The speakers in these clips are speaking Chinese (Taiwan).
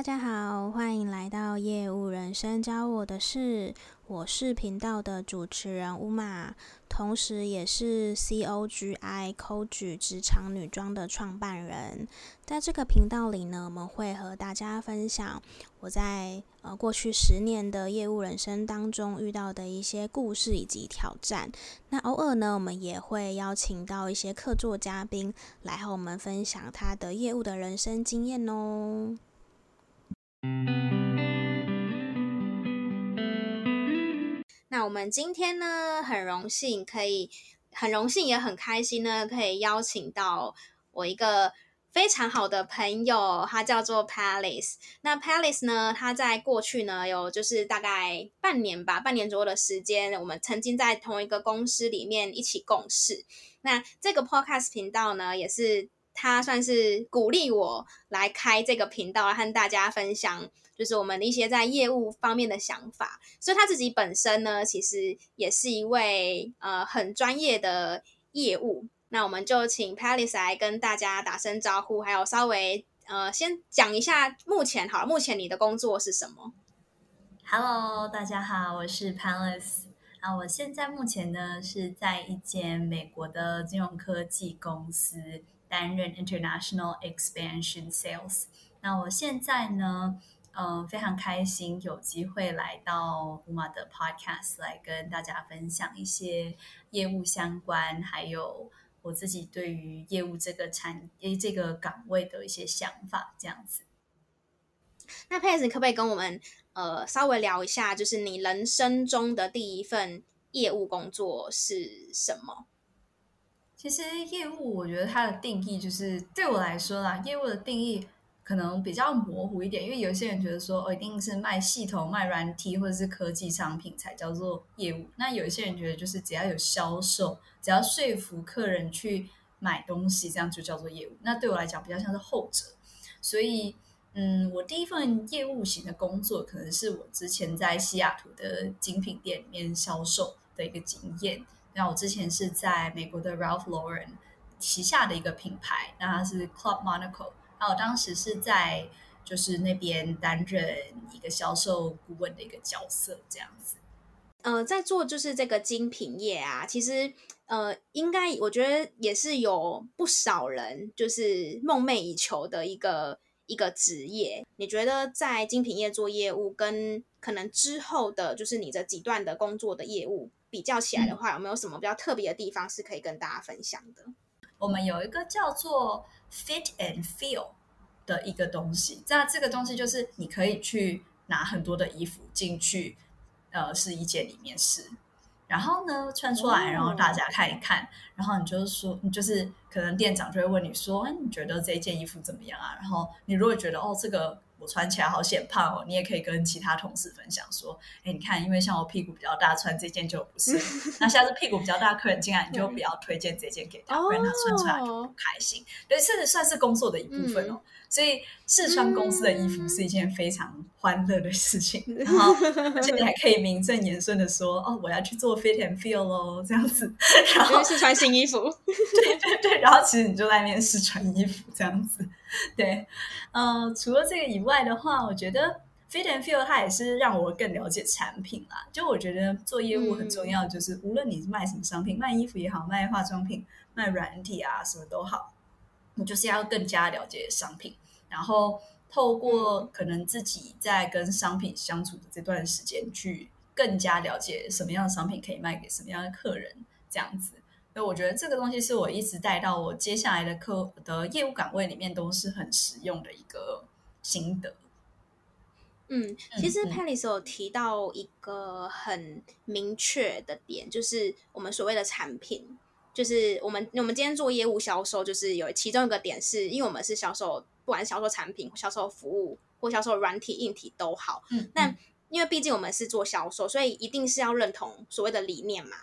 大家好，歡迎來到業務人生教我的事。我是頻道的主持人 Uma，同時也是 COGI c o g 職場女裝的創辦人。在這個頻道裡呢，我們會和大家分享我在呃過去十年的業務人生當中遇到的一些故事以及挑戰。那偶爾呢，我們也會邀請到一些客座嘉賓來和我們分享他的業務的人生經驗哦。那我們今天呢，很榮幸可以，很榮幸也很開心呢，可以邀請到我一個非常好的朋友，他叫做 Pallas。那 Pallas 呢，他在過去呢，有就是大概半年吧，半年左右的時間，我們曾經在同一個公司裡面一起共事。那這個 Podcast 頻道呢，也是。他算是鼓勵我來開這個頻道，和大家分享，就是我們一些在業務方面的想法。所以他自己本身呢，其實也是一位呃很專業的業務。那我們就請 Pallas 來跟大家打聲招呼，還有稍微呃先講一下目前好，目前你的工作是什麼？Hello，大家好，我是 Pallas 啊，我現在目前呢是在一間美國的金融科技公司。擔任 international expansion sales。那我現在呢，嗯、呃，非常開心有機會來到 Uma 的 podcast 來跟大家分享一些業務相關，還有我自己對於業務這個產誒這個崗位的一些想法。這樣子。那 Pallas，你可不可以跟我們呃稍微聊一下，就是你人生中的第一份業務工作是什麼？其實業務，我覺得它的定義就是，對我來說啦，業務的定義可能比較模糊一點，因為有些人覺得說，哦，一定是賣系統、賣軟體或者是科技商品才叫做業務。那有些人覺得就是只要有銷售，只要說服客人去買東西，這樣就叫做業務。那對我來講，比較像是後者。所以，嗯，我第一份業務型的工作，可能是我之前在西雅圖的精品店裡面銷售的一個經驗。那我之前是在美國的 Ralph Lauren 旗下的一個品牌，那它是 Club Monaco，那我當時是在就是那邊擔任一個銷售顧問的一個角色，這樣子。呃，在做就是這個精品業啊，其實呃，應該我覺得也是有不少人就是夢寐以求的一個一個職業。你覺得在精品業做業務，跟可能之後的就是你這幾段的工作的業務，比較起來的話，嗯、有沒有什麼比較特別的地方是可以跟大家分享的？我們有一個叫做 Fit and Feel 的一個東西，那這個東西就是你可以去拿很多的衣服進去，呃，試衣間裡面試，然後呢穿出來，然後大家看一看，哦、然後你就是說，你就是可能店長就會問你說，哎，你覺得這件衣服怎麼樣啊？然後你如果覺得哦這個。我穿起來好顯胖哦！你也可以跟其他同事分享說、欸：“你看，因為像我屁股比較大，穿這件就不是。」 那下次屁股比較大客人進來，你就比較推薦這件給他，不、嗯、然他穿出來就不開心。哦、對，甚至算是工作的一部分哦。嗯、所以試穿公司的衣服是一件非常歡樂的事情，嗯、然後而且你還可以名正言順的說：‘ 哦，我要去做 fit and feel 咯。’這樣子，然後試穿新衣服， 對對對，然後其實你就在那邊試穿衣服這樣子。”對，嗯、呃，除了這個以外的話，我覺得 fit and feel 它也是讓我更了解產品啦。就我覺得做業務很重要，就是無論你賣什麼商品，嗯、賣衣服也好，賣化妝品，賣軟體啊，什麼都好，你就是要更加了解商品，然後透過可能自己在跟商品相處的這段時間，去更加了解什麼樣的商品可以賣給什麼樣的客人，這樣子。所以我覺得這個東西是我一直帶到我接下來的客的業務崗位裡面，都是很實用的一個心得。嗯，其實 Pallas、嗯、有提到一個很明確的點，就是我們所謂的產品，就是我們我們今天做業務銷售，就是有其中一個點是，是因為我們是銷售，不管銷售產品、銷售服務或銷售軟體、硬體都好。嗯，那因為畢竟我們是做銷售，所以一定是要認同所謂的理念嘛。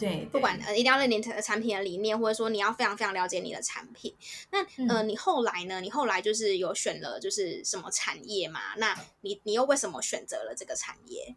對，對，不管呃，一定要認領產產品的理念，或者說你要非常非常了解你的產品。那，呃，嗯，你後來呢？你後來就是有選了，就是什麼產業嘛？那你你又為什麼選擇了這個產業？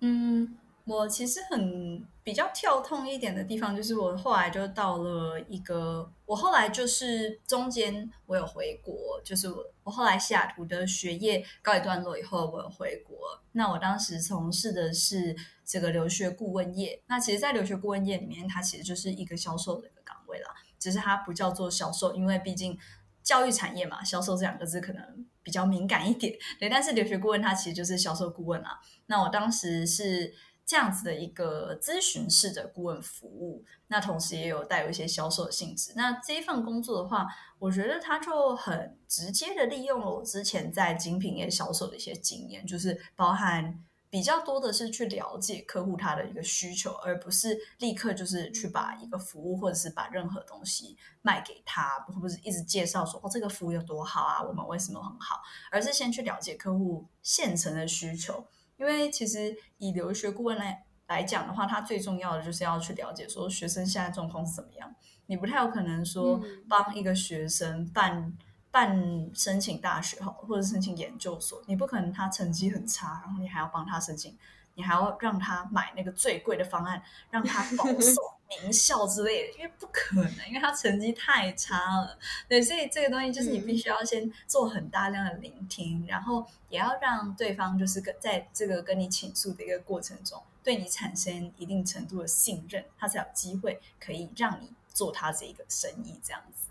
嗯。我其實很比較跳痛一點的地方，就是我後來就到了一個，我後來就是中間我有回國，就是我我後來西雅圖的學業告一段落以後，我有回國。那我當時從事的是這個留學顧問業。那其實，在留學顧問業裡面，它其實就是一個銷售的一個崗位啦，只是它不叫做銷售，因為畢竟教育產業嘛，銷售這兩個字可能比較敏感一點。對，但是留學顧問他其實就是銷售顧問啊。那我當時是。這樣子的一個諮詢式的顧問服務，那同時也有帶有一些銷售的性質。那這一份工作的話，我覺得他就很直接的利用了我之前在精品業銷售的一些經驗，就是包含比較多的是去了解客戶他的一個需求，而不是立刻就是去把一個服務或者是把任何東西賣給他，或不是一直介紹說哦，這個服務有多好啊，我們為什麼很好，而是先去了解客戶現成的需求。因為其實以留學顧問來來講的話，他最重要的就是要去了解說學生現在狀況是怎麼樣。你不太有可能說幫一個學生辦、嗯、辦申請大學哈，或者申請研究所，你不可能他成績很差，然後你還要幫他申請，你還要讓他買那個最貴的方案，讓他保送。 名校之類的，因為不可能，因為他成績太差了。對，所以這個東西就是你必須要先做很大量的聆聽，嗯、然後也要讓對方就是跟在這個跟你傾訴的一個過程中，對你產生一定程度的信任，他才有機會可以讓你做他這一個生意，這樣子。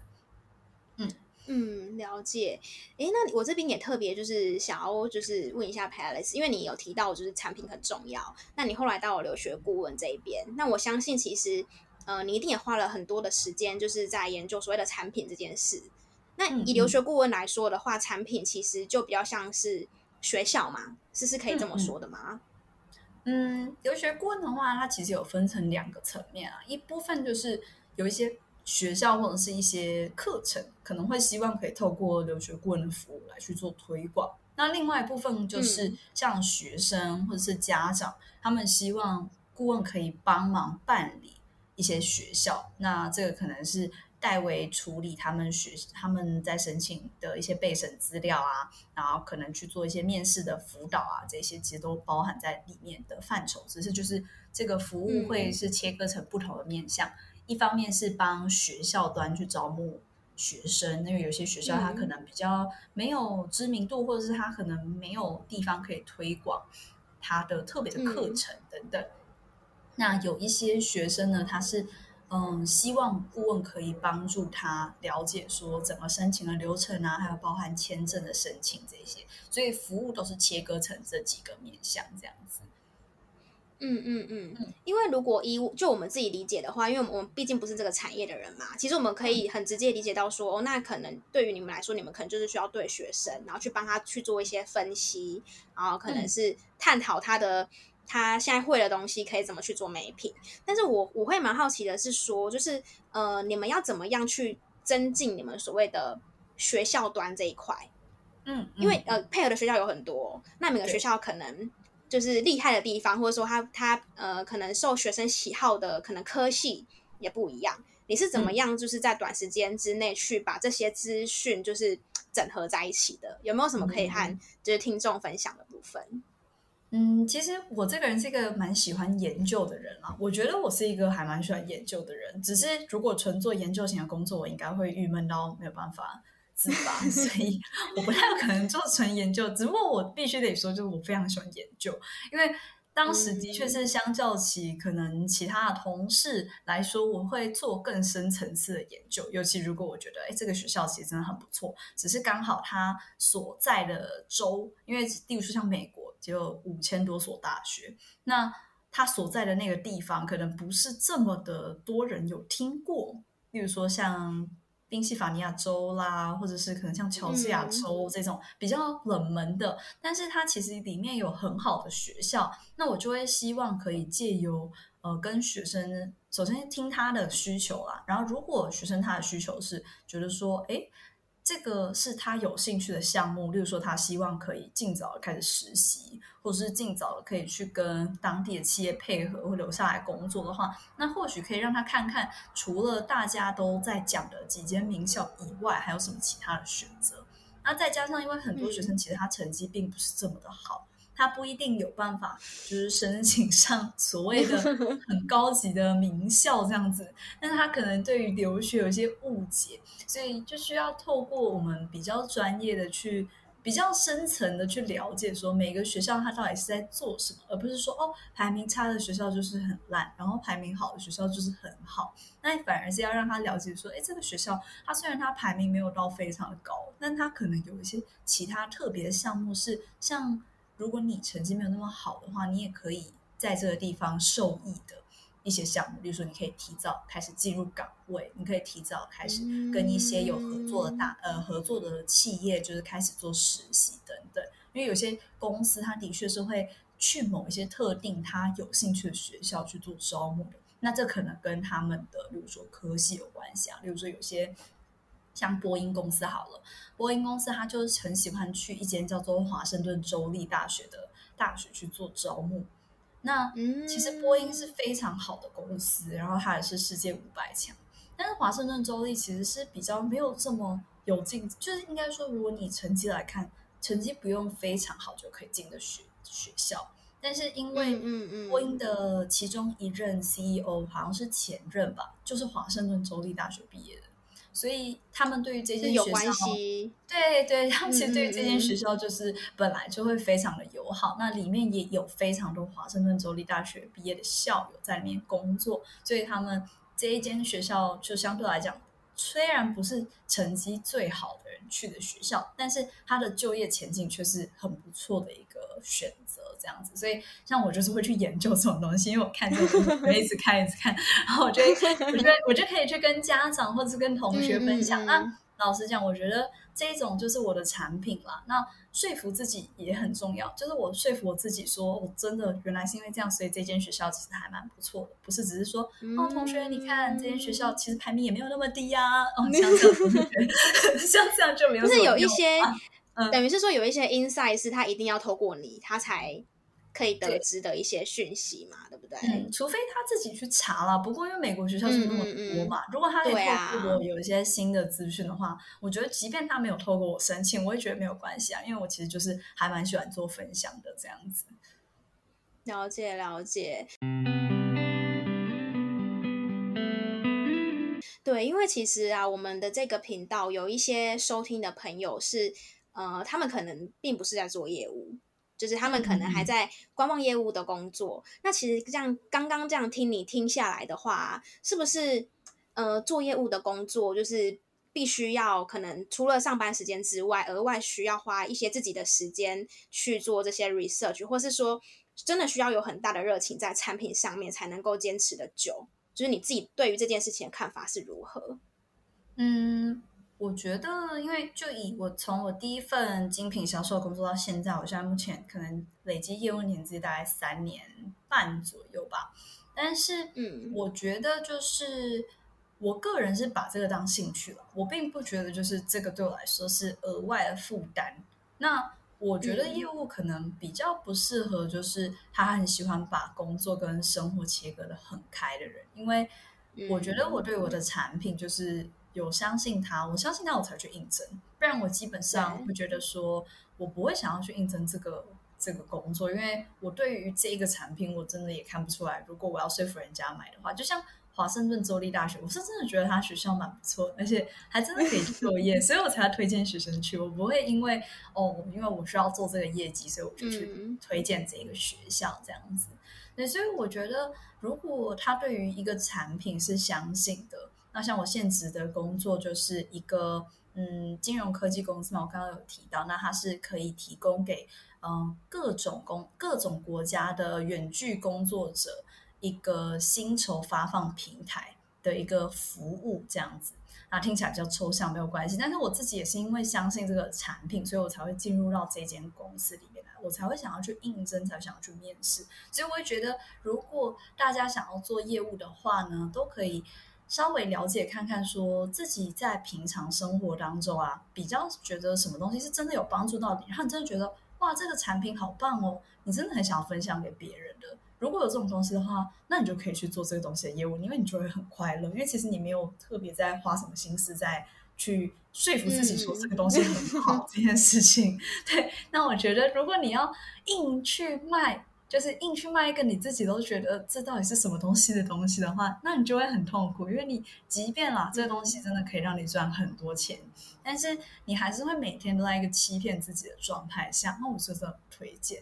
嗯，了解。哎，那我這邊也特別就是想要就是問一下 Pallas，因為你有提到就是產品很重要，那你後來到我留學顧問這一邊，那我相信其實呃你一定也花了很多的時間就是在研究所謂的產品這件事。那以留學顧問來說的話，嗯嗯，產品其實就比較像是學校嘛，是是可以這麼說的嗎？嗯，留學顧問的話，它其實有分成兩個層面啊，一部分就是有一些。學校或者是一些課程，可能會希望可以透過留學顧問的服務來去做推廣。那另外一部分就是像學生或者是家長，嗯、他們希望顧問可以幫忙辦理一些學校。那這個可能是代為處理他們學他們在申請的一些備審資料啊，然後可能去做一些面試的輔導啊，這些其實都包含在裡面的範疇，只是就是這個服務會是切割成不同的面向。嗯一方面是幫學校端去招募學生，因為有些學校它可能比較沒有知名度，嗯、或者是它可能沒有地方可以推廣它的特別的課程等等。嗯、那有一些學生呢，他是嗯希望顧問可以幫助他了解說怎麼申請的流程啊，還有包含簽證的申請這些，所以服務都是切割成這幾個面向這樣子。嗯嗯嗯，嗯嗯，因為如果以就我們自己理解的話，因為我們畢竟不是這個產業的人嘛，其實我們可以很直接理解到說，嗯、哦，那可能對於你們來說，你們可能就是需要對學生，然後去幫他去做一些分析，然後可能是探討他的、嗯、他現在會的東西可以怎麼去做媒體。但是我我會蠻好奇的是說，就是呃，你們要怎麼樣去增進你們所謂的學校端這一塊？嗯，嗯，因為呃，配合的學校有很多，那每個學校可能。就是厲害的地方，或者說他他呃，可能受學生喜好的可能科系也不一樣。你是怎麼樣，就是在短時間之內去把這些資訊就是整合在一起的？有沒有什麼可以和就是聽眾分享的部分？嗯，嗯，其實我這個人是一個蠻喜歡研究的人啦、啊。我覺得我是一個還蠻喜歡研究的人，只是如果純做研究型的工作，我應該會鬱悶到沒有辦法。 所以我不太有可能做純研究。只不過我必須得說，就是我非常喜歡研究，因為當時的確是相較起可能其他的同事來說，我會做更深層次的研究。尤其如果我覺得，誒、欸，這個學校其實真的很不錯，只是剛好它所在的州，因為例如說像美國，只有五千多所大學，那它所在的那個地方，可能不是這麼的多人有聽過。例如說像，賓夕法尼亞州啦，或者是可能像喬治亞州這種、嗯、比較冷門的，但是它其實裡面有很好的學校，那我就會希望可以借由呃跟學生首先聽他的需求啦，然後如果學生他的需求是覺得說，誒。這個是他有興趣的項目，例如說他希望可以盡早的開始實習，或者是盡早的可以去跟當地的企業配合或留下來工作的話，那或許可以讓他看看，除了大家都在講的幾間名校以外，還有什麼其他的選擇。那、啊、再加上，因為很多學生其實他成績並不是這麼的好。嗯他不一定有辦法，就是申請上所謂的很高級的名校這樣子， 但是他可能對於留學有些誤解，所以就需要透過我們比較專業的去比較深層的去了解，說每個學校它到底是在做什麼，而不是說哦，排名差的學校就是很爛，然後排名好的學校就是很好，那反而是要讓他了解說，誒，這個學校它雖然它排名沒有到非常的高，但它可能有一些其他特別的項目是像。如果你成績沒有那麼好的話，你也可以在這個地方受益的一些項目。比如說你可以提早開始進入崗位，你可以提早開始跟一些有合作的大、嗯、呃合作的企業，就是開始做實習等等。因為有些公司它的確是會去某一些特定他有興趣的學校去做招募的，那這可能跟他們的比如說科系有關係啊，比如說有些。像波音公司好了，波音公司它就是很喜歡去一間叫做華盛頓州立大學的大學去做招募。那其實波音是非常好的公司，然後它也是世界五百強。但是華盛頓州立其實是比較沒有這麼有進，就是應該說，如果你成績來看，成績不用非常好就可以進的學學校。但是因為嗯嗯，波音的其中一任 CEO 好像是前任吧，就是華盛頓州立大學畢業的。所以他們對於這間學校，有關係對對，他們其實對於這間學校就是本來就會非常的友好。嗯，那裡面也有非常多華盛頓州立大學畢業的校友在裡面工作，所以他們這一間學校就相對來講，雖然不是成績最好的人去的學校，但是他的就業前景卻是很不錯的一個選擇。這樣子，所以像我就是會去研究這種東西，因為我看就，就 一直看，一直看，然後我就，我就，我就可以去跟家長或者是跟同學分享。那老實講，我覺得這一種就是我的產品啦。那說服自己也很重要，就是我說服我自己說，說我真的原來是因為這樣，所以這間學校其實還蠻不錯的，不是只是說、嗯、哦，同學，你看這間學校其實排名也沒有那麼低呀、啊，哦，這樣的，你是 像這樣就沒有用，就是有一些。啊嗯、等於是說，有一些 insight 是他一定要透過你，他才可以得知的一些訊息嘛，對，對不對？嗯，除非他自己去查了。不過因為美國學校是那麼多嘛，嗯嗯嗯、如果他透過我有一些新的資訊的話，啊、我覺得即便他沒有透過我申請，我也覺得沒有關係啊，因為我其實就是還蠻喜歡做分享的這樣子。了解了解。嗯，對，因為其實啊，我們的這個頻道有一些收聽的朋友是。呃，他們可能並不是在做業務，就是他們可能還在觀望業務的工作。嗯、那其實這樣，剛剛這樣聽你聽下來的話，是不是呃，做業務的工作就是必須要可能除了上班時間之外，額外需要花一些自己的時間去做這些 research，或是說真的需要有很大的熱情在產品上面才能夠堅持得久？就是你自己對於這件事情的看法是如何？嗯。我覺得，因為就以我從我第一份精品銷售工作到現在，我現在目前可能累計業務年資大概三年半左右吧。但是，嗯，我覺得就是我個人是把這個當興趣了，我並不覺得就是這個對我來說是額外的負擔。那我覺得業務可能比較不適合就是他很喜歡把工作跟生活切割得很開的人，因為我覺得我對我的產品就是。有相信他，我相信他，我才去應徵。不然我基本上會覺得說，我不會想要去應徵這個對這個工作，因為我對於這個產品我真的也看不出來。如果我要說服人家買的話，就像華盛頓州立大學，我是真的覺得他學校蠻不錯，而且還真的可以就業， 所以我才推薦學生去。我不會因為哦，因為我需要做這個業績，所以我就去推薦這個學校、嗯、這樣子。那所以我覺得，如果他對於一個產品是相信的。那像我現職的工作就是一個嗯金融科技公司嘛，我剛剛有提到，那它是可以提供給嗯各種工、各種國家的遠距工作者一個薪酬發放平台的一個服務，這樣子。那聽起來比較抽象，沒有關係。但是我自己也是因為相信這個產品，所以我才會進入到這間公司裡面來，我才會想要去應徵，才會想要去面試。所以我也覺得，如果大家想要做業務的話呢，都可以。稍微了解看看，說自己在平常生活當中啊，比較覺得什麼東西是真的有幫助到你，然後你真的覺得哇，這個產品好棒哦，你真的很想要分享給別人的。如果有這種東西的話，那你就可以去做這個東西的業務，因為你就會很快樂，因為其實你沒有特別在花什麼心思在去說服自己說這個東西很好、嗯、這件事情。 對，那我覺得如果你要硬去賣，就是硬去賣一個你自己都覺得這到底是什麼東西的東西的話，那你就會很痛苦，因為你即便啦，這東西真的可以讓你賺很多錢，但是你還是會每天都在一個欺騙自己的狀態下。那我就不推薦。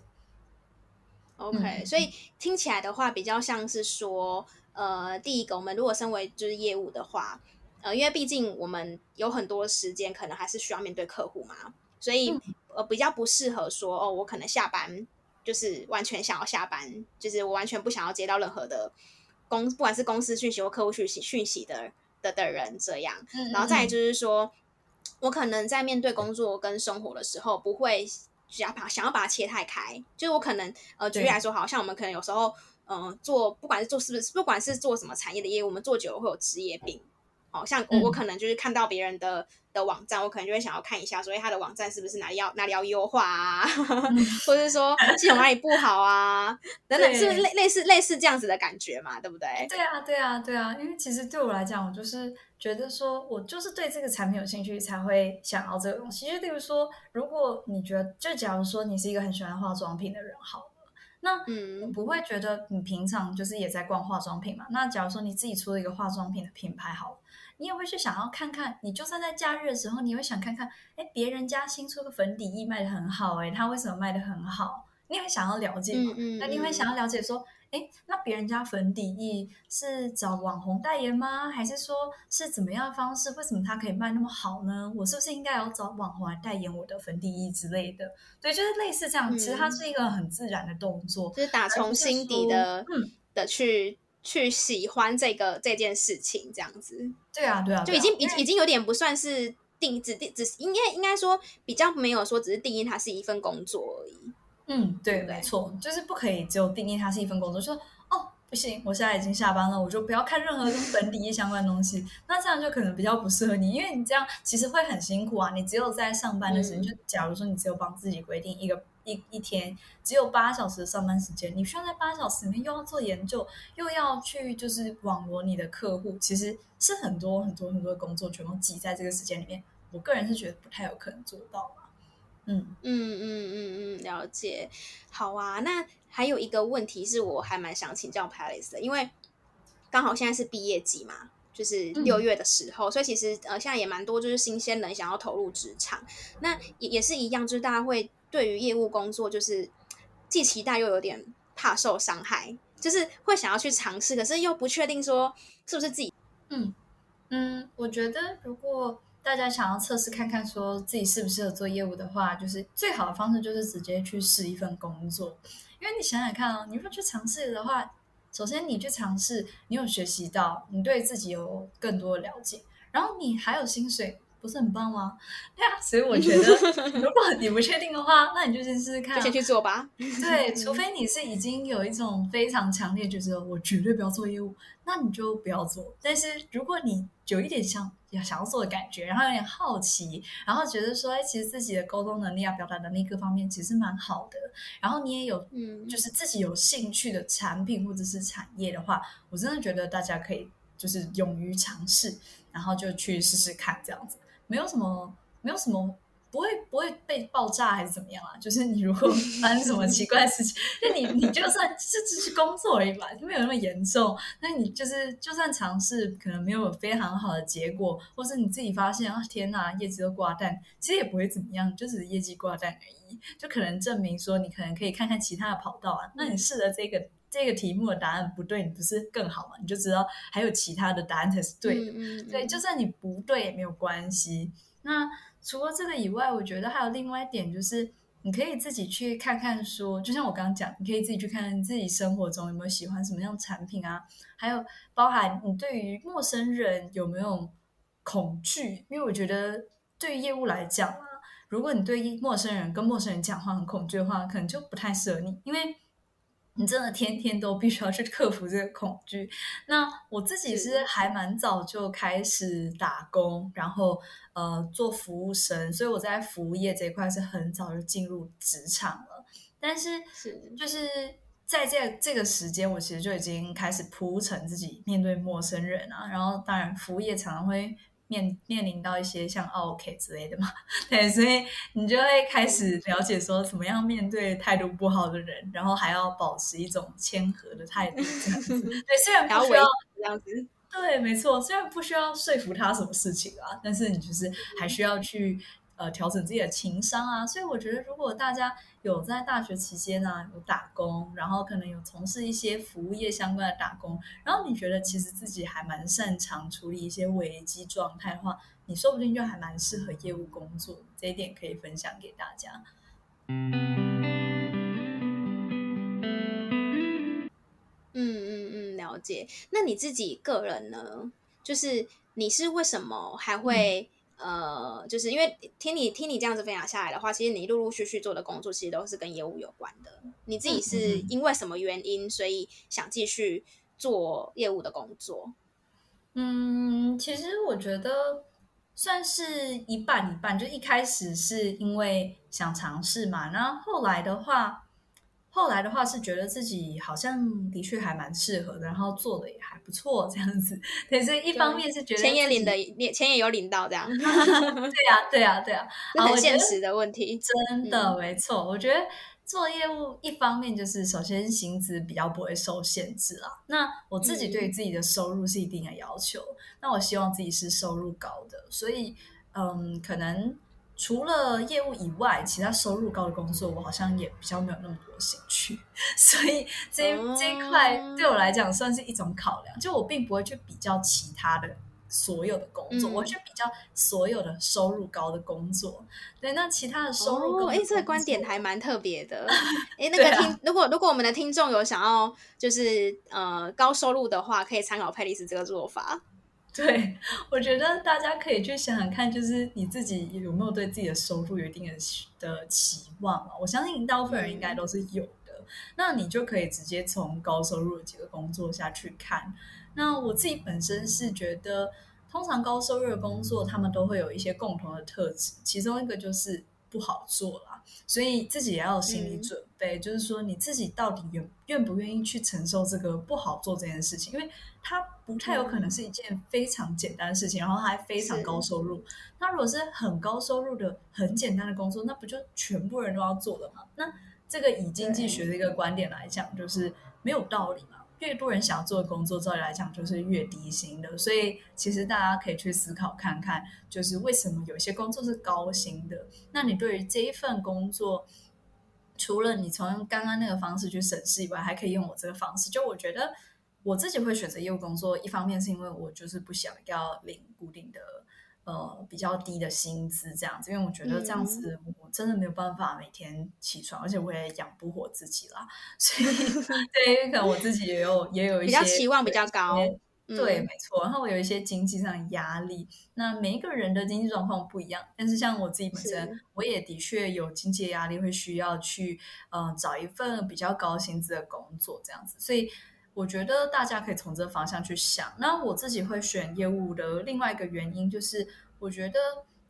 OK，嗯，所以聽起來的話，比較像是說，呃，第一個，我們如果身為就是業務的話，呃，因為畢竟我們有很多時間，可能還是需要面對客戶嘛，所以呃，比較不適合說哦，我可能下班。就是完全想要下班，就是我完全不想要接到任何的公，不管是公司訊息或客戶訊息訊息的的的人這樣。然後再就是說，嗯嗯我可能在面對工作跟生活的時候，不會想要把想要把它切太開，就是我可能呃舉例來說，好像我們可能有時候嗯對、呃、做，不管是做是不是，不管是做什麼產業的業務，我們做久了會有職業病。好、哦、像我可能就是看到別人的、嗯、的網站，我可能就會想要看一下，所以他的網站是不是哪裡要哪裡要優化啊，嗯、呵呵或者說系統 哪裡不好啊， 等等，是不是類類似類似這樣子的感覺嘛，對不對？對啊，對啊，對啊，因為其實對我來講，我就是覺得說，我就是對這個產品有興趣，才會想要這個東西。就例如說，如果你覺得，就假如說你是一個很喜歡化妝品的人好，好那嗯，不會覺得你平常就是也在逛化妝品嘛？嗯、那假如說你自己出了一個化妝品的品牌，好了。你也會去想要看看，你就算在假日的時候，你也會想看看，哎，別人家新出的粉底液賣的很好，欸，哎，它為什麼賣的很好？你會想要了解嘛？嗯嗯，那你會想要了解說，哎，那別人家粉底液是找網紅代言嗎？還是說是怎麼樣的方式？為什麼它可以賣那麼好呢？我是不是應該要找網紅來代言我的粉底液之類的？對，就是類似這樣，嗯、其實它是一個很自然的動作，就是打從心底的、嗯、的去。去喜歡這個這件事情，這樣子，對啊，對啊，就已經已、啊、已經有點不算是定為只定只是應該應該說比較沒有說只是定義它是一份工作而已。嗯，對，對吧沒錯，就是不可以只有定義它是一份工作，就說哦不行，我現在已經下班了，我就不要看任何跟粉底液相關的東西。 那這樣就可能比較不適合你，因為你這樣其實會很辛苦啊。你只有在上班的時候，嗯、就假如說你只有幫自己規定一個。一一天只有八小時的上班時間，你需要在八小時裡面，又要做研究，又要去就是網羅你的客戶，其實是很多很多很多的工作，全部擠在這個時間裡面。我個人是覺得不太有可能做到嘛。嗯嗯嗯嗯嗯，了解。好啊，那還有一個問題是我還蠻想請教 Pallas 的，因為剛好現在是畢業季嘛，就是六月的時候，嗯、所以其實呃現在也蠻多就是新鮮人想要投入職場，那也也是一樣，就是大家會。對於業務工作，就是既期待又有點怕受傷害，就是會想要去嘗試，可是又不確定說是不是自己。嗯嗯，我覺得如果大家想要測試看看說自己適不適合做業務的話，就是最好的方式就是直接去試一份工作。因為你想想看哦，你如果去嘗試的話，首先你去嘗試，你有學習到，你對自己有更多的了解，然後你還有薪水。不是很棒嗎？對啊，所以我覺得，如果你不確定的話，那你就先試試看，先去做吧。對，除非你是已經有一種非常強烈說，就是我絕對不要做業務，那你就不要做。但是如果你有一點想想要做的感覺，然後有點好奇，然後覺得說，哎，其實自己的溝通能力啊、表達能力各方面其實蠻好的，然後你也有嗯，就是自己有興趣的產品或者是產業的話，我真的覺得大家可以就是勇於嘗試，然後就去試試看這樣子。沒有什麼，沒有什麼不會不會被爆炸還是怎麼樣啊？就是你如果發生什麼奇怪的事情，那 你你就算是只是工作而已吧，就沒有那麼嚴重。那你就是就算嘗試，可能沒有非常好的結果，或是你自己發現啊，天哪，業績都掛蛋，其實也不會怎麼樣，就只是業績掛蛋而已，就可能證明說你可能可以看看其他的跑道啊。那你試的這個。嗯這個題目的答案不對，你不是更好嗎？你就知道還有其他的答案才是對的。嗯嗯嗯對，就算你不對也沒有關係。那除了這個以外，我覺得還有另外一點就是，你可以自己去看看說，說就像我剛剛講，你可以自己去看，看你自己生活中有沒有喜歡什麼樣的產品啊，還有包含你對於陌生人有沒有恐懼？因為我覺得對於業務來講啊，如果你對陌生人跟陌生人講話很恐懼的話，可能就不太適合你，因為。你真的天天都必須要去克服這個恐懼。那我自己是還蠻早就開始打工，然後呃，做服務生，所以我在服務業這一塊是很早就進入職場了。但是就是在這這個時間，我其實就已經開始鋪陳自己面對陌生人啊。然後當然服務業常常會，面面臨到一些像 OK 之類的嘛，對，所以你就會開始了解說怎麼樣面對態度不好的人，然後還要保持一種謙和的態度，這樣子。 對，雖然不需要，要對，沒錯，雖然不需要說服他什麼事情啊，但是你就是還需要去。嗯呃，調整自己的情商啊，所以我覺得，如果大家有在大學期間呢、啊，有打工，然後可能有從事一些服務業相關的打工，然後你覺得其實自己還蠻擅長處理一些危機狀態的話，你說不定就還蠻適合業務工作。這一點可以分享給大家。嗯嗯嗯，了解。那你自己個人呢？就是你是為什麼還會？嗯呃，就是因為聽你聽你這樣子分享下來的話，其實你陸陸續續做的工作，其實都是跟業務有關的。你自己是因為什麼原因，所以想繼續做業務的工作？嗯，嗯，其實我覺得算是一半一半，就一開始是因為想嘗試嘛，然後後來的話。後來的話是覺得自己好像的確還蠻適合的，然後做的也還不錯這樣子。可是一方面是覺得錢也有領到這樣。 對呀、啊，對呀、啊，對呀、啊。好，那現實的問題。真的沒錯，嗯、我覺得做業務一方面就是首先薪資比較不會受限制啊。那我自己對自己的收入是一定的要，要求，嗯、那我希望自己是收入高的，所以嗯，可能。除了業務以外，其他收入高的工作，我好像也比較沒有那麼多興趣。所以這這一塊對我來講算是一種考量。就我並不會去比較其他的所有的工作，嗯、我會去比較所有的收入高的工作。對，那其他的收入高，哎、哦欸，這個觀點還蠻特別的。哎、 欸，那個聽，如果如果我們的聽眾有想要就是呃高收入的話，可以參考 Pallas 這個做法。對，我覺得大家可以去想想看，就是你自己有沒有對自己的收入有一定的的期望啊？我相信大部分人應該都是有的，嗯、那你就可以直接從高收入的幾個工作下去看。那我自己本身是覺得，通常高收入的工作，他們都會有一些共同的特質，其中一個就是不好做啦。所以自己也要有心理準備，就是說你自己到底願願不願意去承受這個不好做這件事情？因為它不太有可能是一件非常簡單的事情，然後還非常高收入。那如果是很高收入的很簡單的工作，那不就全部人都要做的嗎？那這個以經濟學的一個觀點來講，就是沒有道理嘛。越多人想要做的工作，照理來講就是越低薪的。所以其實大家可以去思考看看，就是為什麼有些工作是高薪的。那你對於這一份工作，除了你從剛剛那個方式去審視以外，還可以用我這個方式。就我覺得我自己會選擇業務工作，一方面是因為我就是不想要領固定的。呃，比較低的薪資這樣子，因為我覺得這樣子我真的沒有辦法每天起床，嗯、而且我也養不活自己啦。所以， 對，因為可能我自己也有也有一些比較期望比較高，對，沒錯。然後我有一些經濟上的壓力。嗯、那每一個人的經濟狀況不一樣，但是像我自己本身，是我也的確有經濟壓力，會需要去、呃、找一份比較高薪資的工作這樣子。所以。我覺得大家可以從這個方向去想。那我自己會選業務的另外一個原因，就是我覺得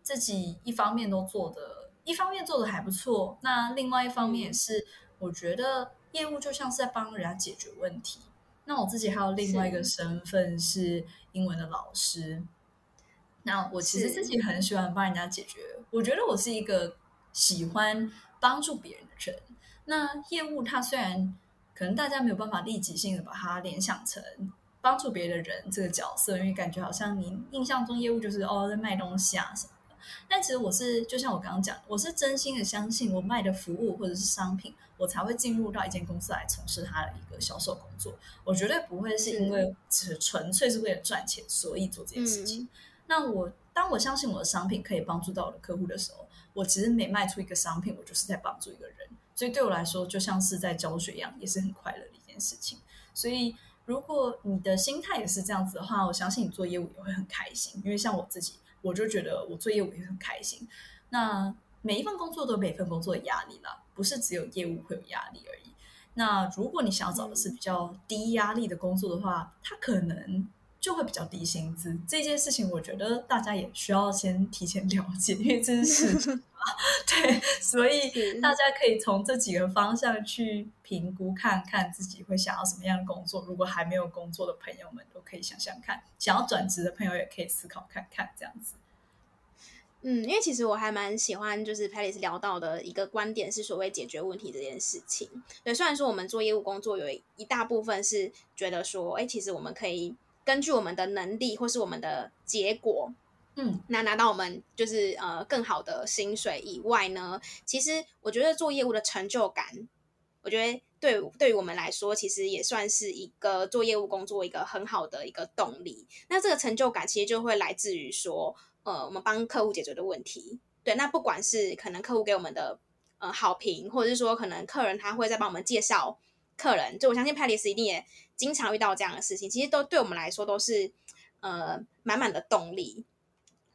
自己一方面都做的，一方面做得還不錯。那另外一方面是，我覺得業務就像是在幫人家解決問題。那我自己還有另外一個身份是英文的老師。是那我其實自己很喜歡幫人家解決。是我覺得我是一個喜歡幫助別人的人。那業務它雖然。可能大家沒有辦法立即性的把它聯想成幫助別的人這個角色，因為感覺好像您印象中業務就是哦在賣東西啊什麼的。但其實我是就像我剛剛講，我是真心的相信我賣的服務或者是商品，我才會進入到一間公司來從事它的一個銷售工作。我絕對不會是因為只是純粹是為了賺錢所以做這件事情。嗯、那我當我相信我的商品可以幫助到我的客戶的時候，我其實每賣出一個商品，我就是在幫助一個人。所以對我來說，就像是在教學一樣，也是很快樂的一件事情。所以，如果你的心態也是這樣子的話，我相信你做業務也會很開心。因為像我自己，我就覺得我做業務也很開心。那每一份工作都有每一份工作的壓力啦，不是只有業務會有壓力而已。那如果你想找的是比較低壓力的工作的話，它可能，就會比較低薪資這件事情，我覺得大家也需要先提前了解，因為這是 對，所以大家可以從這幾個方向去評估，看看自己會想要什麼樣的工作。如果還沒有工作的朋友們，都可以想想看；想要轉職的朋友也可以思考看看這樣子。嗯，因為其實我還蠻喜歡，就是 Pallas 聊到的一個觀點是，所謂解決問題這件事情。對，雖然說我們做業務工作有一大部分是覺得說，哎，其實我們可以。根據我們的能力或是我們的結果，嗯，那拿到我們就是呃更好的薪水以外呢，其實我覺得做業務的成就感，我覺得對，對於我們來說，其實也算是一個做業務工作一個很好的一個動力。那這個成就感其實就會來自於說，呃，我們幫客戶解決的問題。對，那不管是可能客戶給我們的呃好評，或者是說可能客人他會再幫我們介紹。客人，就我相信，Pallas 一定也經常遇到這樣的事情。其實都對我們來說都是呃滿滿的動力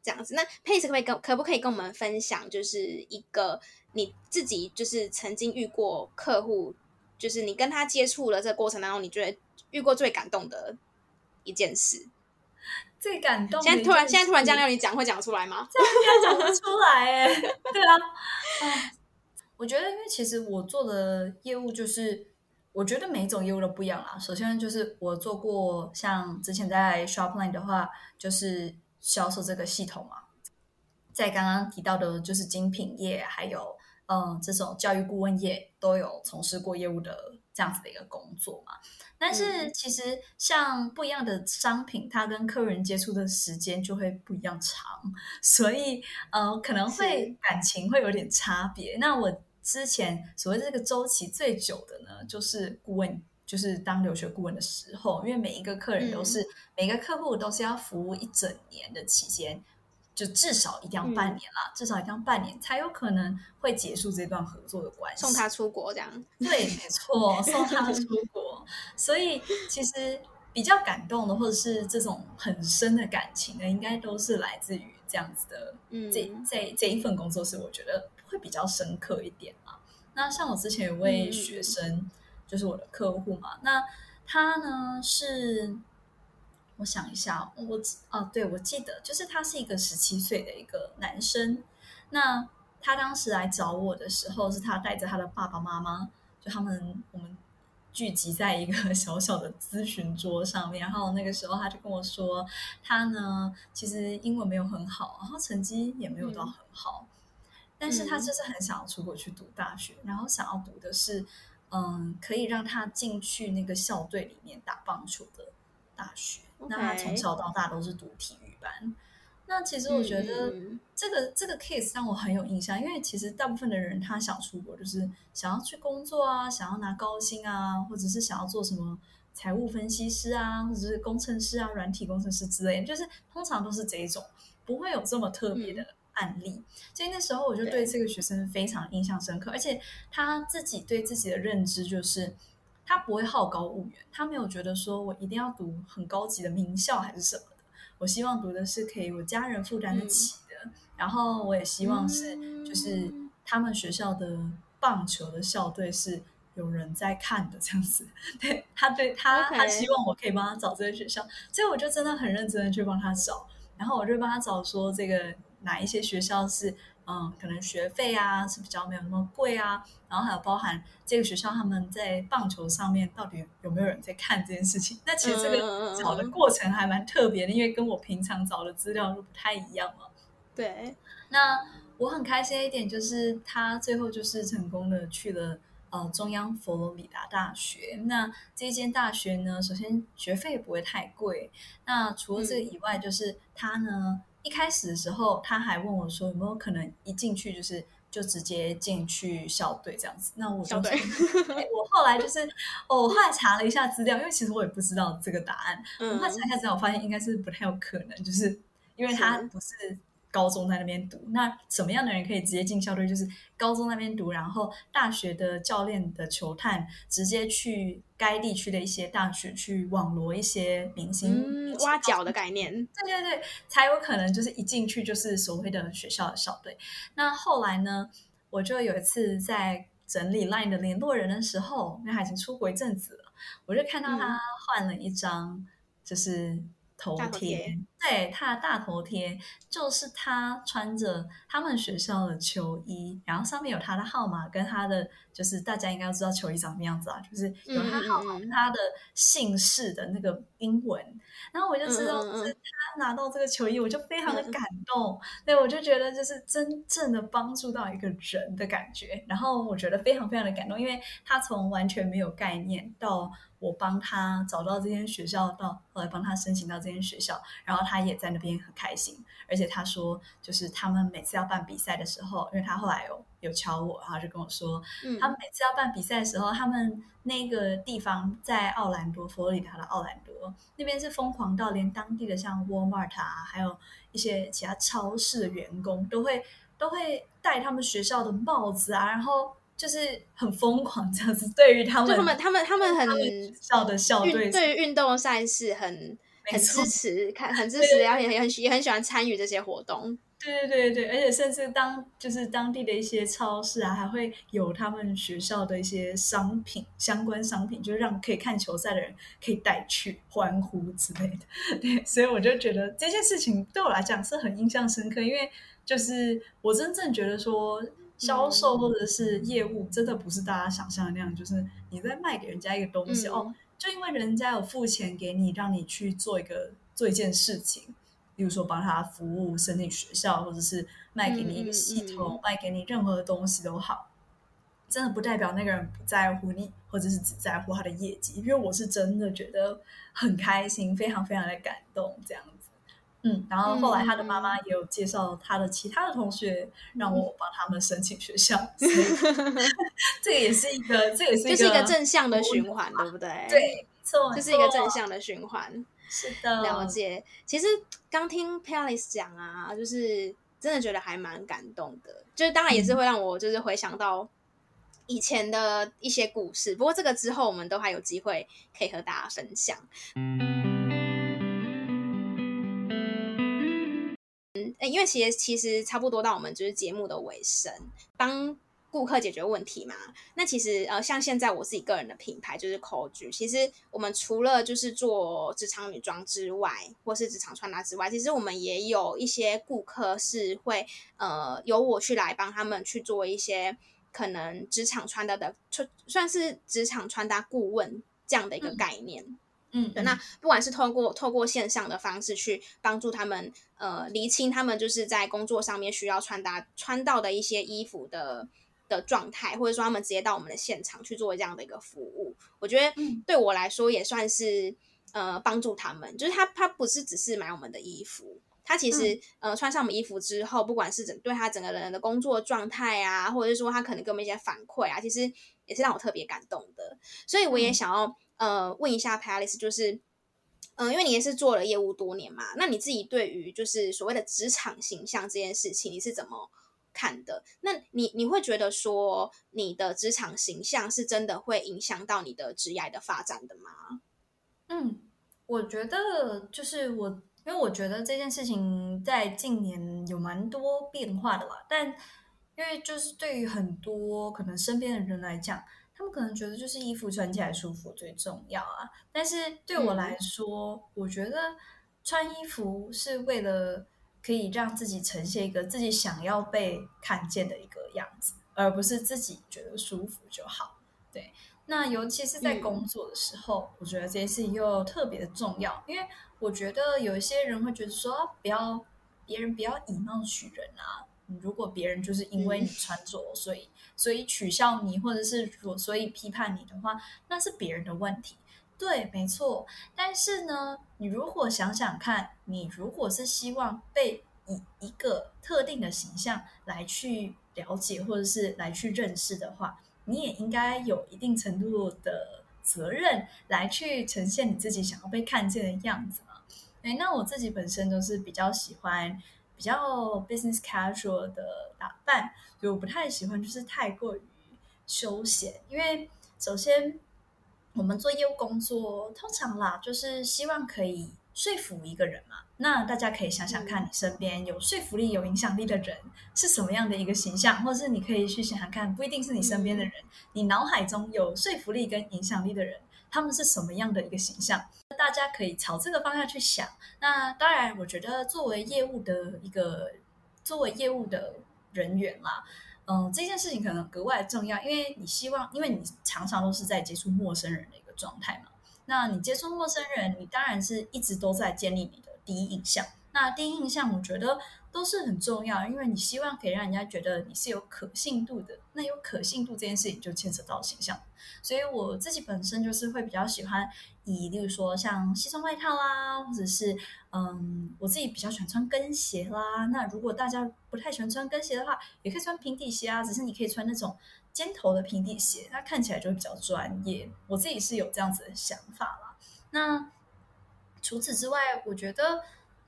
這樣子。那 Pallas 可,可以跟可不可以跟我們分享，就是一個你自己就是曾經遇過客戶，就是你跟他接觸了這個過程當中，你覺得遇過最感動的一件事？最感動？現在突然、就是、現在突然這樣讓你講，你會講得出來嗎？這樣講不出來哎， 對啊。Uh, 我覺得因為其實我做的業務就是。我覺得每一種業務都不一樣啦。首先就是我做過像之前在 Shopline 的話，就是銷售這個系統嘛。在剛剛提到的，就是精品業，還有嗯這種教育顧問業，都有從事過業務的這樣子的一個工作嘛。但是其實像不一樣的商品，嗯、它跟客人接觸的時間就會不一樣長，所以、呃、可能會感情會有點差別。是那我。之前所謂的這個周期最久的呢，就是顧問，就是當留學顧問的時候，因為每一個客人都是，嗯、每個客戶都是要服務一整年的期間，就至少一定要半年啦，嗯、至少一定要半年才有可能會結束這段合作的關係，送他出國這樣。對，沒錯，送他出國。 所以其實比較感動的，或者是這種很深的感情的，的應該都是來自於這樣子的，嗯、這這這一份工作是我覺得。會比較深刻一點啊，那像我之前有位學生，嗯、就是我的客戶嘛。那他呢是，我想一下，我哦、啊，對，我記得，就是他是一個十七歲的一個男生。那他當時來找我的時候，是他帶着他的爸爸媽媽，就他們，我們聚集在一個小小的諮詢桌上面。然後那個時候他就跟我說，他呢，其實英文沒有很好，然後成績也沒有到很好。嗯但是他就是很想要出國去讀大學，嗯、然後想要讀的是，嗯，可以讓他進去那個校隊裡面打棒球的大學。Okay. 那他從小到大都是讀體育班。那其實我覺得這個、嗯、這個 case 讓我很有印象，因為其實大部分的人他想出國就是想要去工作啊，想要拿高薪啊，或者是想要做什麼財務分析師啊，或者是工程師啊、軟體工程師之類的，就是通常都是這一種，不會有這麼特別的。嗯案例，所以那時候我就對這個學生非常印象深刻，對而且他自己對自己的認知就是他不會好高騖遠，他沒有覺得說我一定要讀很高級的名校還是什麼的。我希望讀的是可以我家人負擔得起的，嗯、然後我也希望是、嗯、就是他們學校的棒球的校隊是有人在看的這樣子。對，他，對他，對他，他希望我可以幫他找這個學校，所以我就真的很認真的去幫他找，然後我就幫他找說這個。哪一些學校是嗯，可能學費啊是比較沒有那麼貴啊，然後還有包含這個學校他們在棒球上面到底有，有沒有人在看這件事情？那其實這個找的過程還蠻特別的，因為跟我平常找的資料都不太一樣嘛。對，那我很開心一點就是他最後就是成功的去了呃中央佛羅里達大學。那這間大學呢，首先學費不會太貴。那除了這個以外，就是他呢。嗯一開始的時候，他還問我說有沒有可能一進去就是就直接進去校隊這樣子。那我就校對、 欸、我後來就是我後來查了一下資料，因為其實我也不知道這個答案。嗯、我後來查一下資料，我發現應該是不太有可能，就是因為他不是。高中在那邊讀，那什麼樣的人可以直接進校隊？就是高中那邊讀，然後大學的教練的球探直接去該地區的一些大學去網羅一些明星，嗯，挖角的概念。對對對，才有可能就是一進去就是所謂的學校的校隊。那後來呢，我就有一次在整理 LINE 的聯絡人的時候，那他已經出國一陣子了，我就看到他換了一張，就是。嗯頭貼，對，他的大頭貼，頭貼就是他穿着他們學校的球衣，然後上面有他的號碼跟他的，就是大家應該要知道球衣長什麼樣子啊，就是有他號碼跟他的姓氏的那個英文，嗯嗯嗯，然後我就知道是他拿到這個球衣，我就非常的感動，嗯嗯嗯，對我就覺得就是真正的幫助到一個人的感覺，然後我覺得非常非常的感動，因為他從完全沒有概念到。我幫他找到這間學校，到後來幫他申請到這間學校，然後他也在那邊很開心。而且他說，就是他們每次要辦比賽的時候，因為他後來有有敲我，然後就跟我說，嗯，他們每次要辦比賽的時候，他們那個地方在奧蘭多，佛羅里達的奧蘭多那邊是瘋狂到連當地的像 Walmart 啊，還有一些其他超市的員工都會都會戴他們學校的帽子啊，然後。就是很瘋狂這樣子，對於他們，他們，他們，他們很學校的校隊，對於運動賽事很錯很支持，看很支持，然後也很對對對也很喜歡參與這些活動。對對對對，而且甚至當就是當地的一些超市啊，還會有他們學校的一些商品相關商品，就讓可以看球賽的人可以帶去歡呼之類的。對，所以我就覺得這些事情對我來講是很印象深刻，因為就是我真正覺得說。銷售或者是業務，真的不是大家想象的那樣，就是你在賣給人家一個東西、嗯、哦，就因為人家有付錢給你，讓你去做一個做一件事情，比如說幫他服務申請學校，或者是賣給你一個系統，嗯、賣給你任何的東西都好，真的不代表那個人不在乎你，或者是只在乎他的業績。因為我是真的覺得很開心，非常非常的感動這樣。嗯，然後後來他的媽媽也有介紹他的其他的同學，嗯、讓我幫他們申請學校，這個也是一個， 這是一個是就是一個正向的循環，哦、對不對？對，沒錯，就是一個正向的循環。是的，了解。其實剛聽 Pallas 講啊，就是真的覺得還蠻感動的，就是當然也是會讓我就是回想到以前的一些故事。嗯、不過這個之後我們都還有機會可以和大家分享。嗯因為其實其實差不多到我們就是節目的尾聲，幫顧客解決問題嘛。那其實呃，像現在我自己個人的品牌，就是 COGI，其實我們除了就是做職場女裝之外，或是職場穿搭之外，其實我們也有一些顧客是會呃，由我去來幫他們去做一些可能職場穿搭的，算是職場穿搭顧問這樣的一個概念。嗯嗯，對，那不管是透過透過線上的方式去幫助他們，呃，釐清他們就是在工作上面需要穿搭穿到的一些衣服的的狀態，或者說他們直接到我們的現場去做這樣的一個服務，我覺得對我來說也算是、嗯、呃幫助他們，就是他他不是只是買我們的衣服，他其實、嗯、呃穿上我們衣服之後，不管是整對他整個人的工作狀態啊，或者是說他可能給我們一些反饋啊，其實也是讓我特別感動的，所以我也想要。嗯呃，問一下，Pallas，就是，嗯、呃，因為你也是做了業務多年嘛，那你自己對於就是所謂的職場形象這件事情，你是怎麼看的？那你你會覺得說你的職場形象是真的會影響到你的職業的發展的嗎？嗯，我覺得就是我，因為我覺得這件事情在近年有蠻多變化的吧，但因為就是對於很多可能身邊的人來講。他們可能覺得就是衣服穿起來舒服最重要啊，但是對我來說，嗯、我覺得穿衣服是為了可以讓自己呈現一個自己想要被看見的一個樣子，而不是自己覺得舒服就好。對，那尤其是在工作的時候，嗯、我覺得這件事情又特別的重要，因為我覺得有一些人會覺得說不要、啊、別人不要以貌取人啊。如果別人就是因為你穿着，所以、嗯、所以取笑你，或者是說所以批判你的話，那是別人的問題，對，沒錯。但是呢，你如果想想看，你如果是希望被以一個特定的形象來去了解，或者是來去認識的話，你也應該有一定程度的責任來去呈現你自己想要被看見的樣子嘛。誒，那我自己本身都是比較喜歡。比較 business casual 的打扮，所以我不太喜歡，就是太過於休閒。因為首先我們做業務工作，通常啦，就是希望可以說服一個人嘛。那大家可以想想看，你身邊有說服力、有影響力的人是什麼樣的一個形象，或者是你可以去想想看，不一定是你身邊的人，你腦海中有說服力跟影響力的人。他們是什麼樣的一個形象？大家可以朝這個方向去想。那當然，我覺得作為業務的一個，作為業務的人員啦，嗯，這件事情可能格外重要，因為你希望，因為你常常都是在接觸陌生人的一個狀態嘛。那你接觸陌生人，你當然是一直都在建立你的第一印象。那第一印象，我覺得……都是很重要，因為你希望可以讓人家覺得你是有可信度的。那有可信度這件事情就牽扯到形象，所以我自己本身就是會比較喜歡以，例如說像西裝外套啦，或者是嗯，我自己比較喜歡穿跟鞋啦。那如果大家不太喜歡穿跟鞋的話，也可以穿平底鞋啊，只是你可以穿那種尖頭的平底鞋，它看起來就會比較專業。我自己是有這樣子的想法啦。那除此之外，我覺得。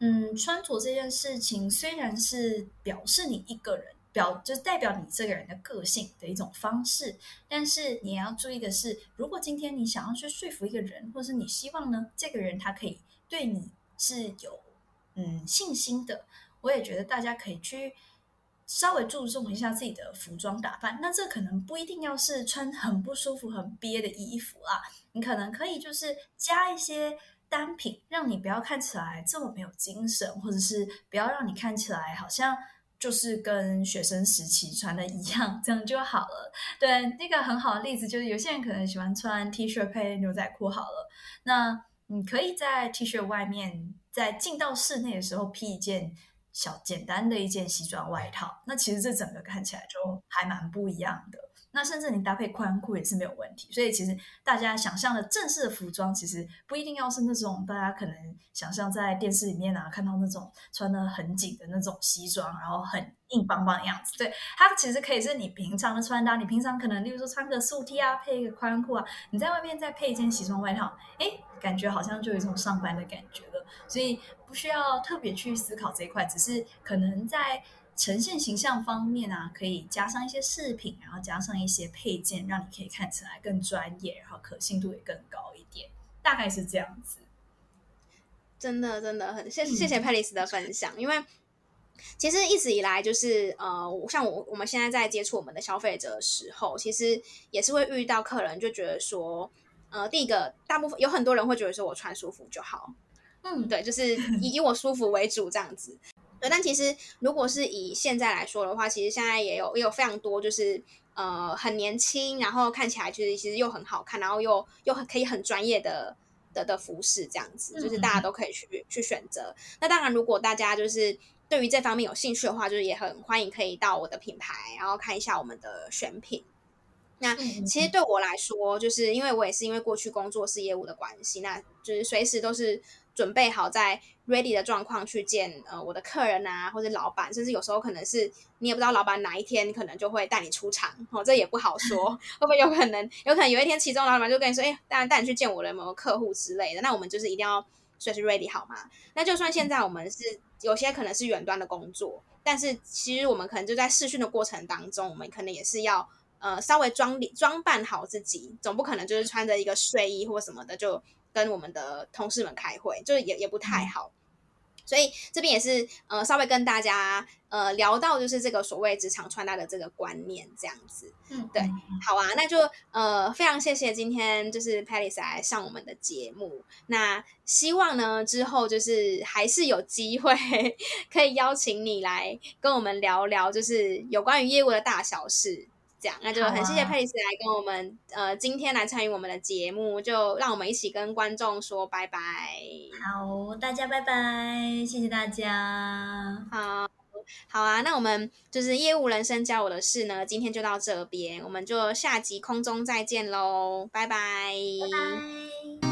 嗯，穿着這件事情雖然是表示你一個人，表就代表你這個人的個性的一種方式，但是你也要注意的是，如果今天你想要去說服一個人，或是你希望呢，這個人他可以對你是有嗯信心的，我也覺得大家可以去稍微注重一下自己的服裝打扮。那這可能不一定要是穿很不舒服、很憋的衣服啊，你可能可以就是加一些。單品讓你不要看起來這麼沒有精神，或者是不要讓你看起來好像就是跟學生時期穿的一樣，這樣就好了。對，那個很好的例子就是，有些人可能喜歡穿 T 恤配牛仔褲，好了，那你可以在 T 恤外面，在進到室內的時候披一件小簡單的一件西裝外套，那其實這整個看起來就還蠻不一樣的。那甚至你搭配寬褲也是沒有問題，所以其實大家想象的正式的服裝，其實不一定要是那種大家可能想象在電視裡面啊看到那種穿得很緊的那種西裝，然後很硬邦邦的樣子。對，它其實可以是你平常的穿搭，你平常可能例如說穿個素 T 啊，配一個寬褲啊，你在外面再配一件西裝外套，哎，感覺好像就有一種上班的感覺了。所以不需要特別去思考這一塊，只是可能在。呈現形象方面啊，可以加上一些飾品，然後加上一些配件，讓你可以看起來更專業，然後可信度也更高一點，大概是這樣子。真的，真的很謝，謝謝 Pallas 的分享。嗯，因為其實一直以來就是呃，像我我們現在在接觸我們的消費者的時候，其實也是會遇到客人就覺得說，呃，第一個大部分有很多人會覺得說我穿舒服就好，嗯，對，就是以以我舒服為主這樣子。 對，但其實如果是以現在來說的話，其實現在也有也有非常多，就是呃很年輕，然後看起來就是其實又很好看，然後又又可以很專業的的的服飾這樣子，就是大家都可以去去選擇。嗯、那當然，如果大家就是對於這方面有興趣的話，就是也很歡迎可以到我的品牌，然後看一下我們的選品。那其實對我來說，就是因為我也是因為過去工作是業務的關係，那就是隨時都是準備好在。ready 的狀況去見呃我的客人啊，或者老闆，甚至有時候可能是你也不知道老闆哪一天可能就會帶你出場。哦，這也不好說，會不會有可能，有可能有一天其中老闆就跟你說，欸、當然帶你去見我的某個客戶之類的，那我們就是一定要隨時 ready 好嘛，那就算現在我們是有些可能是遠端的工作，但是其實我們可能就在視訊的過程當中，我們可能也是要呃稍微裝裝扮好自己，總不可能就是穿着一個睡衣或什麼的就。跟我們的同事們開會，就是也也不太好，嗯、所以這邊也是呃稍微跟大家呃聊到就是這個所謂職場穿搭的這個觀念這樣子，嗯，對，好啊，那就呃非常謝謝今天就是 Pallas 來上我們的節目，那希望呢之後就是還是有機會 可以邀請你來跟我們聊聊就是有關於業務的大小事。講，那就很謝謝 Pallas 來跟我們，啊、呃，今天來參與我們的節目，就讓我們一起跟觀眾說拜拜。好，大家拜拜，謝謝大家。好，好啊，那我們就是業務人生教我的事呢，今天就到這邊，我們就下集空中再見嘍，拜拜。Bye bye。